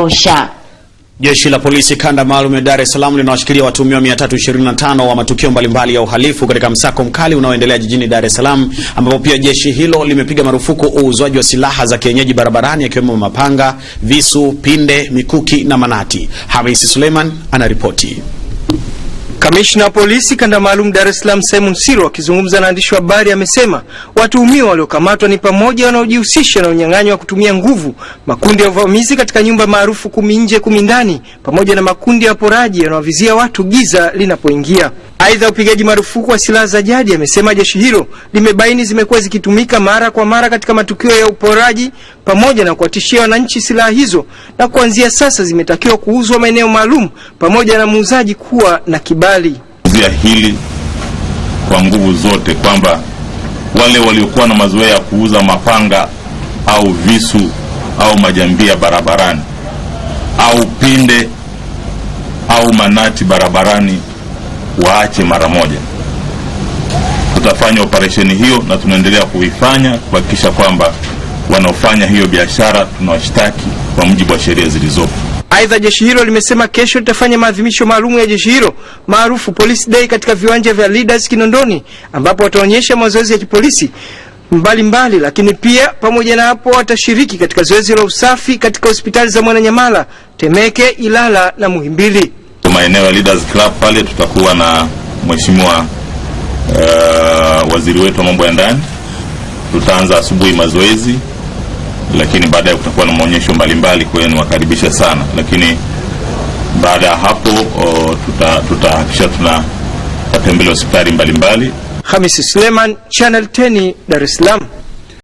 Arusha. Jeshi la polisi kanda maalum ya Dar es Salaam linawashikilia watuhumiwa 325 wa matukio mbalimbali ya uhalifu katika msako mkali unaoendelea jijini Dar es Salaam, ambapo pia jeshi hilo limepiga marufuku uuzwaji wa silaha za kienyeji barabarani, yakiwemo mapanga, visu, pinde, mikuki na manati. Hamisi Suleiman anaripoti. Kamishna wa polisi kanda maalum Dar es Salaam Simon Siro akizungumza na waandishi wa habari amesema watuhumiwa waliokamatwa ni pamoja wanaojihusisha na unyang'anyi wa kutumia nguvu, makundi ya uvamizi katika nyumba maarufu kumi nje kumi ndani, pamoja na makundi ya waporaji yanaovizia watu giza linapoingia. Aidha, upigaji marufuku wa silaha za jadi, amesema jeshi hilo limebaini zimekuwa zikitumika mara kwa mara katika matukio ya uporaji pamoja na kuwatishia wananchi silaha hizo, na kuanzia sasa zimetakiwa kuuzwa maeneo maalum pamoja na muuzaji kuwa na kibali. Zia hili kwa nguvu zote kwamba wale waliokuwa na mazoea ya kuuza mapanga au visu au majambia barabarani au pinde au manati barabarani waache mara moja. Tutafanya operesheni hiyo na tunaendelea kuifanya kuhakikisha kwamba wanaofanya hiyo biashara tunawashtaki kwa mujibu wa sheria zilizopo. Aidha, jeshi hilo limesema kesho litafanya maadhimisho maalum ya jeshi hilo maarufu Police Day katika viwanja vya Leaders Kinondoni, ambapo wataonyesha mazoezi ya kipolisi mbalimbali mbali, lakini pia pamoja na hapo watashiriki katika zoezi la usafi katika hospitali za Mwananyamala, Temeke, Ilala na Muhimbili maeneo ya Leaders Club pale tutakuwa na mheshimiwa uh, waziri wetu wa mambo ya ndani. Tutaanza asubuhi mazoezi, lakini baadaye kutakuwa na maonyesho mbalimbali, kwa hiyo niwakaribisha sana. Lakini baada ya hapo tutahakisha tuta, tuna watembele hospitali mbalimbali. Hamisi Suleiman, Channel 10, Dar es Salaam.